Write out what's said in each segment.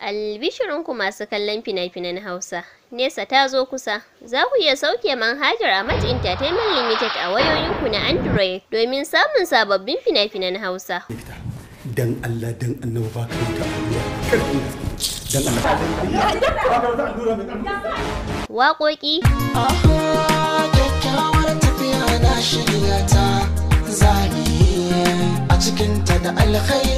Albishirinku masu kallon fina-finan Hausa, Nesa ta zo kusa, za ku iya sauke manhajar a Amat Entertainment Limited a wayoyinku na Android domin samun sababbin fina-finan Hausa. Dan Allah dan annabi ba ka Dan Allah. Waƙoƙi. tafiya na shirya ta cikinta da alkhairi.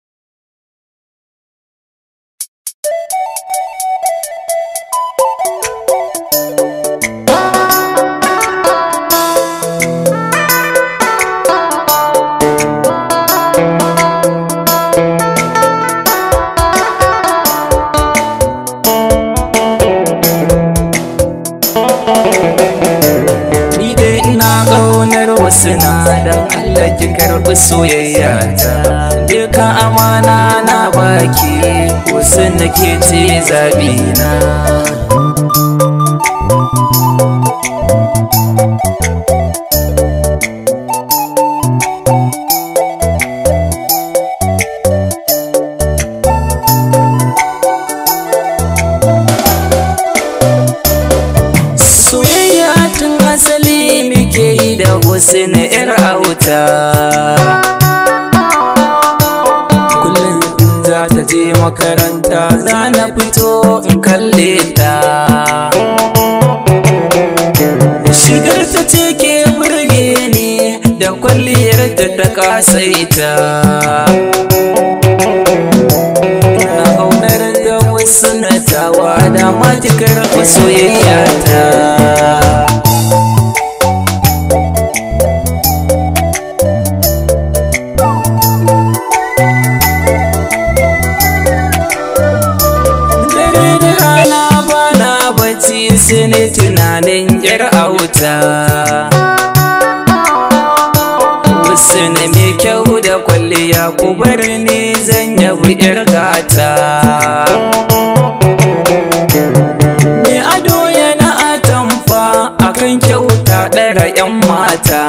ni ina ƙaunar wasu na Allah ki karɓi soyayya ta duka amana na baki wasu nake ce zaɓi na Hussein yar auta kullum in za ta je makaranta za na fito in kalle ta shigar ta ce ke burge ni da kwalliyar ta ta kasaita na haunar da wasu na tawa da matukar masoyayya ta sai sini tunanin yar auta wasu ne mai kyau da kwalliya ku bar ni zan yabi yar gata mai ado yana atamfa akan kyauta ɗara 'yan mata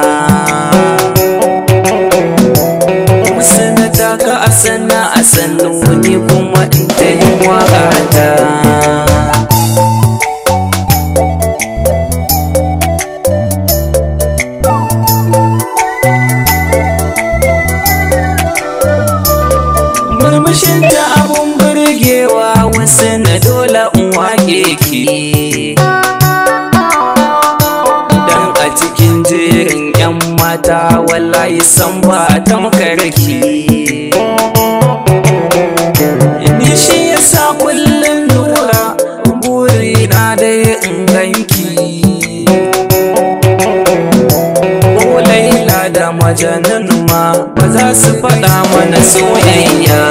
yi san ba tamkarki ni shi sa kullum nura buri na da in ganki ko laila da majanin ma ba za su faɗa mana soyayya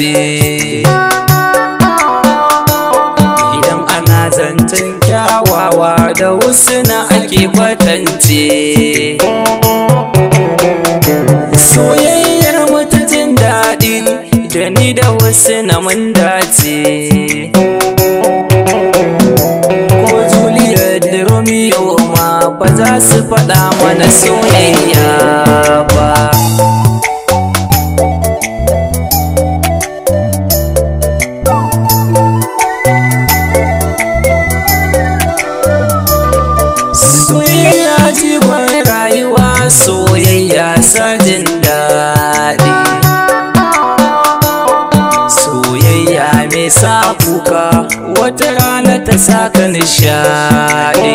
idan ana zancen kyawawa da husuna ake kwatance soyayyar mata jin daɗi da ni da husna mun dace ko ma ba za su faɗa mana soyayya ba sa kuka wata rana ta sa ka nishaɗi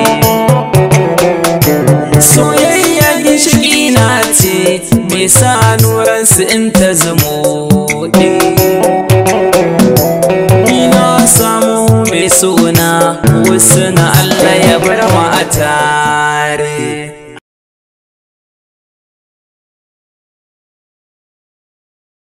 soyayya ginshiki na ce mai sa nuransu in ta zamo ina samu mai suna wasu na Allah ya bar ma a tare